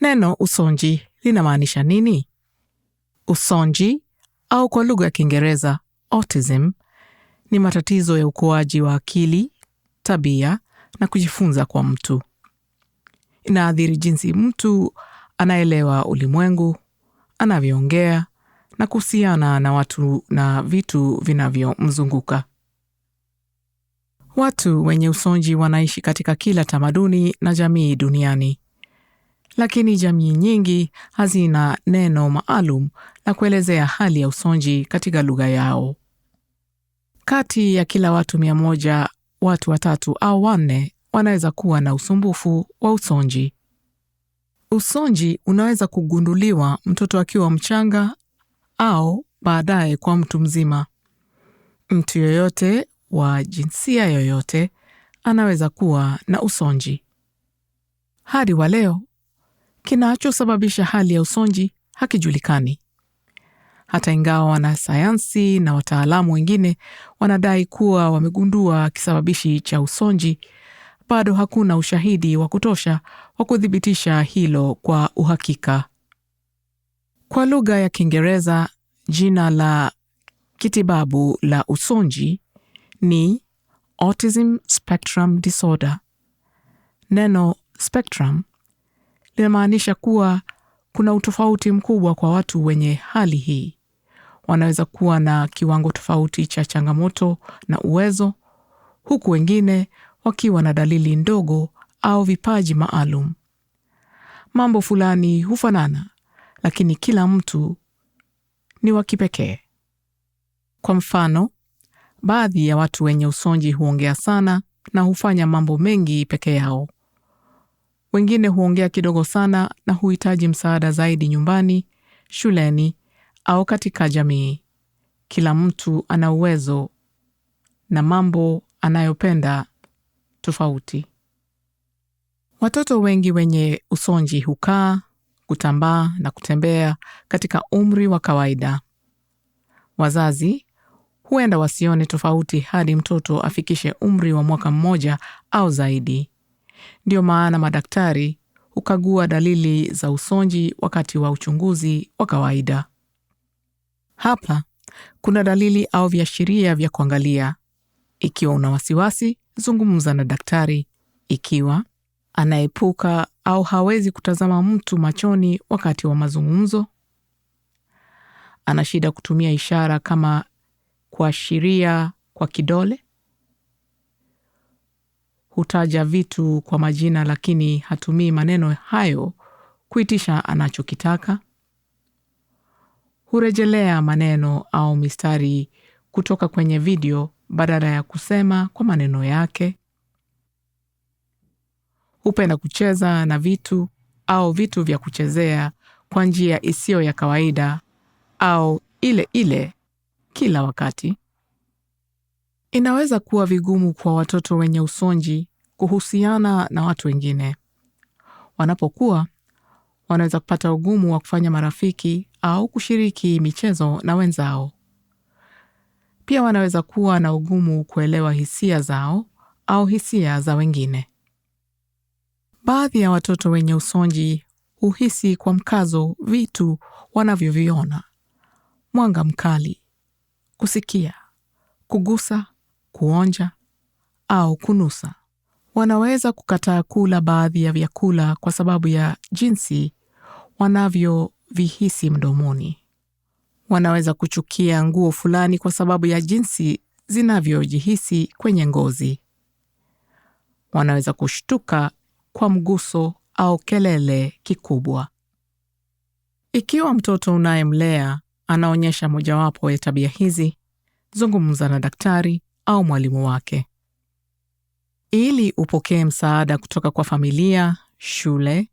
Neno usonji linamaanisha nini? Usonji au kwa lugha ya Kiingereza autism ni matatizo ya ukuaji wa akili, tabia na kujifunza kwa mtu. Inaathiri jinsi mtu anaelewa ulimwengu, anavyoongea na kuhusiana na watu na vitu vinavyomzunguka. Watu wenye usonji wanaishi katika kila tamaduni na jamii duniani lakini jamii nyingi hazina neno maalum la kuelezea hali ya usonji katika lugha yao. Kati ya kila watu mia moja, watu watatu au wanne wanaweza kuwa na usumbufu wa usonji. Usonji unaweza kugunduliwa mtoto akiwa mchanga au baadaye kwa mtu mzima. Mtu yoyote wa jinsia yoyote anaweza kuwa na usonji. Hadi wa leo Kinachosababisha hali ya usonji hakijulikani, hata ingawa wanasayansi na wataalamu wengine wanadai kuwa wamegundua kisababishi cha usonji, bado hakuna ushahidi wa kutosha wa kuthibitisha hilo kwa uhakika. Kwa lugha ya Kiingereza, jina la kitibabu la usonji ni Autism Spectrum Disorder. Neno spectrum linamaanisha kuwa kuna utofauti mkubwa kwa watu wenye hali hii. Wanaweza kuwa na kiwango tofauti cha changamoto na uwezo, huku wengine wakiwa na dalili ndogo au vipaji maalum. Mambo fulani hufanana, lakini kila mtu ni wa kipekee. Kwa mfano, baadhi ya watu wenye usonji huongea sana na hufanya mambo mengi peke yao. Wengine huongea kidogo sana na huhitaji msaada zaidi nyumbani, shuleni au katika jamii. Kila mtu ana uwezo na mambo anayopenda tofauti. Watoto wengi wenye usonji hukaa, kutambaa na kutembea katika umri wa kawaida. Wazazi huenda wasione tofauti hadi mtoto afikishe umri wa mwaka mmoja au zaidi ndio maana madaktari hukagua dalili za usonji wakati wa uchunguzi wa kawaida. Hapa kuna dalili au viashiria vya kuangalia. Ikiwa una wasiwasi, zungumza na daktari. Ikiwa anaepuka au hawezi kutazama mtu machoni wakati wa mazungumzo, ana shida kutumia ishara kama kuashiria kwa kidole, hutaja vitu kwa majina lakini hatumii maneno hayo kuitisha anachokitaka. Hurejelea maneno au mistari kutoka kwenye video badala ya kusema kwa maneno yake. Hupenda kucheza na vitu au vitu vya kuchezea kwa njia isiyo ya kawaida au ile ile kila wakati. Inaweza kuwa vigumu kwa watoto wenye usonji kuhusiana na watu wengine. Wanapokuwa wanaweza kupata ugumu wa kufanya marafiki au kushiriki michezo na wenzao. Pia wanaweza kuwa na ugumu kuelewa hisia zao au hisia za wengine. Baadhi ya watoto wenye usonji huhisi kwa mkazo vitu wanavyoviona: mwanga mkali, kusikia, kugusa, kuonja au kunusa wanaweza kukataa kula baadhi ya vyakula kwa sababu ya jinsi wanavyovihisi mdomoni. Wanaweza kuchukia nguo fulani kwa sababu ya jinsi zinavyojihisi kwenye ngozi. Wanaweza kushtuka kwa mguso au kelele kikubwa. Ikiwa mtoto unayemlea anaonyesha mojawapo ya tabia hizi, zungumza na daktari au mwalimu wake ili upokee msaada kutoka kwa familia, shule,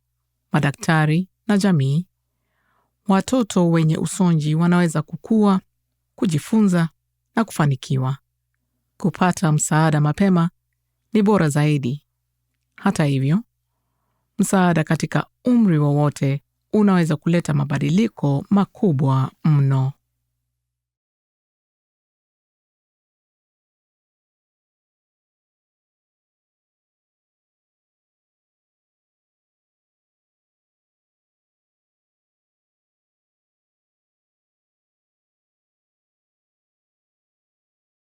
madaktari na jamii. Watoto wenye usonji wanaweza kukua, kujifunza na kufanikiwa. Kupata msaada mapema ni bora zaidi. Hata hivyo, msaada katika umri wowote unaweza kuleta mabadiliko makubwa mno.